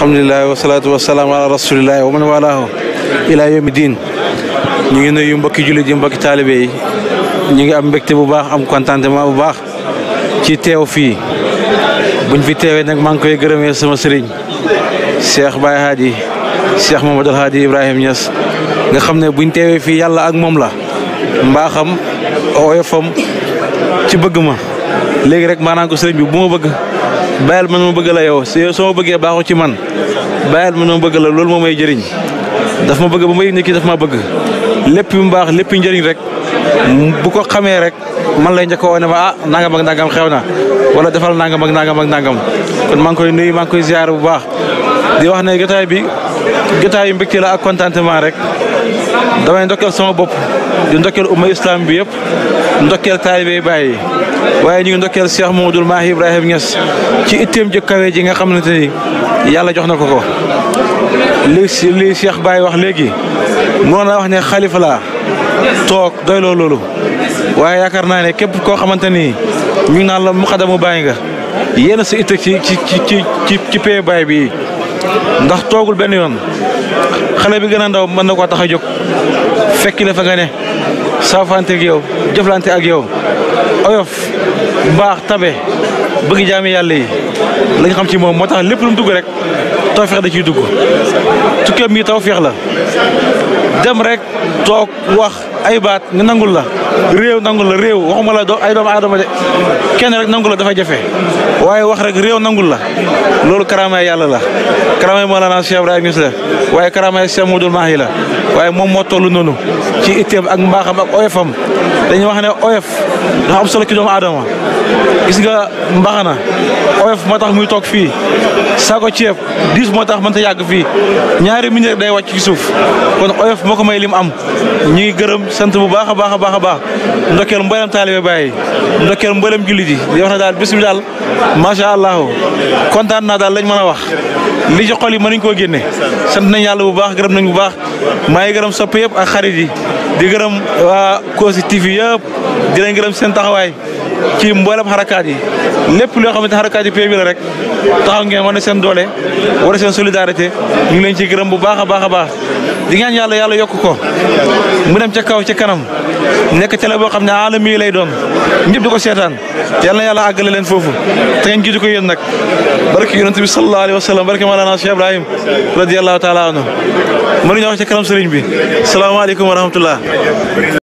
alhamdulilah wasalaatu wasalaam ala rasulillahi wa man walaahu ila yawmi diin ñu ngi nuyu mbokki jullit yi mbokki taalibe yi ñu ngi am mbégte bu baax am contentement bu baax ci teew fii buñ fi teewee nag maa ngi koy gërëmee sama sëriñ Cheikh Baye Hadi Cheikh Mamadou Hadi Ibrahim Niass nga xam ne buñ teewee fii yàlla ak moom la mbaaxam ooyofam ci bëgg ma léegi rek maanaam ko sëriñ bi bu ma bëgg bàyyil man ma bëgg la yow si soo ma bëggee baaxu ci man bàyyil man ma bëgg la loolu moo may jariñ daf ma bëgg ba may nit ki daf ma bëgg lépp yu mu baax lépp njëriñ rek bu ko xamee rek man lay njëkk a wane ma ah nangam ak nangam xew na wala defal nangam ak nangam ak nangam kon maa ngi koy nuyu maa koy ziar bu baax. di wax ne jotaay bi jotaayu mbégte la ak contentement rek damay ndokkeel sama bopp di ndokkeel umma islam bi yëpp ndokkeel taalibe bàyyi waaye ñu ngi ndokkeel Cheikh Mouhamadoul Mahi Ibrahima Niass ci itteem ju ji nga xamante ni yàlla jox na ko ko li li Cheikh wax léegi moo na wax ne xalifa laa toog doy loolu waaye yaakaar naa ne képp koo xamante ni ñu ngi naan la muqaddamu bàyyi nga yéen sa itte ci ci ci ci ci pay baay bi ndax toogul benn yoon xale bi gën a ndaw mën na koo tax a jóg fekki la fa nga ne saafante ak yow jëflante ak yow oyof baax tabe bëgg jaami yàlla yi la xam ci moom moo tax lépp lu mu dugg rek tawfeex da ciy dugg tukkeem taw tawfeex la dem rek toog wax ay baat nga nangul la réew nangul la réew waxuma la ay doomu aadama de kenn rek nangul la dafa jafe waaye wax rek réew nangul la loolu karaamay yàlla la karaamay Mawlana Cheikh Ibrahima Niass la waaye karaamay Cheikh Modou Mahi la waaye moom moo toll noonu ci itteem ak mbaaxam ak oyofam dañuy wax ne oyof dafa am solo ci doomu aadama gis nga mbaax na oyof moo tax muy toog fii saako ceeb diis moo tax mënta yàgg fii ñaari minute day wàcc ci suuf kon oyof moo ko may lim am ñu ngi gërëm sant bu baax a baax a baax a baax ndokkeel mboolem taalibe bàyyi ndokkeel mboolem jullit yi di wax na daal bis bi daal macha allah kontaan naa daal lañ mën a wax li ci xol yi mënuñ koo génne sant nañ yàlla bu baax gërëm nañ bu baax maa ngi gërëm sopp yëpp ak xarit yi di gërëm waa Kossy TV yëpp di leen gërëm seen taxawaay ci mboolem xarakaat yi lépp loo xamante xarakaat yi pays bi la rek taxaw ngeen wane seen doole wane seen solidarité ñu ngi leen ci gërëm bu baax a baax a baax di ñaan yàlla yàlla yokk ko mu dem ca kaw ca kanam nekk télé boo xam ne alami lay doon ñëpp di ko seetaan yàlla na yàlla àggale leen foofu te ngeen jiitu ko yéen nag barke yonent bi sallallahu alayhi wa sallam barke maanaam Cheikh Ibrahim radiyallahu taala anhu mënuñoo wax ca kanam bi salaamaaleykum wa rahmatullah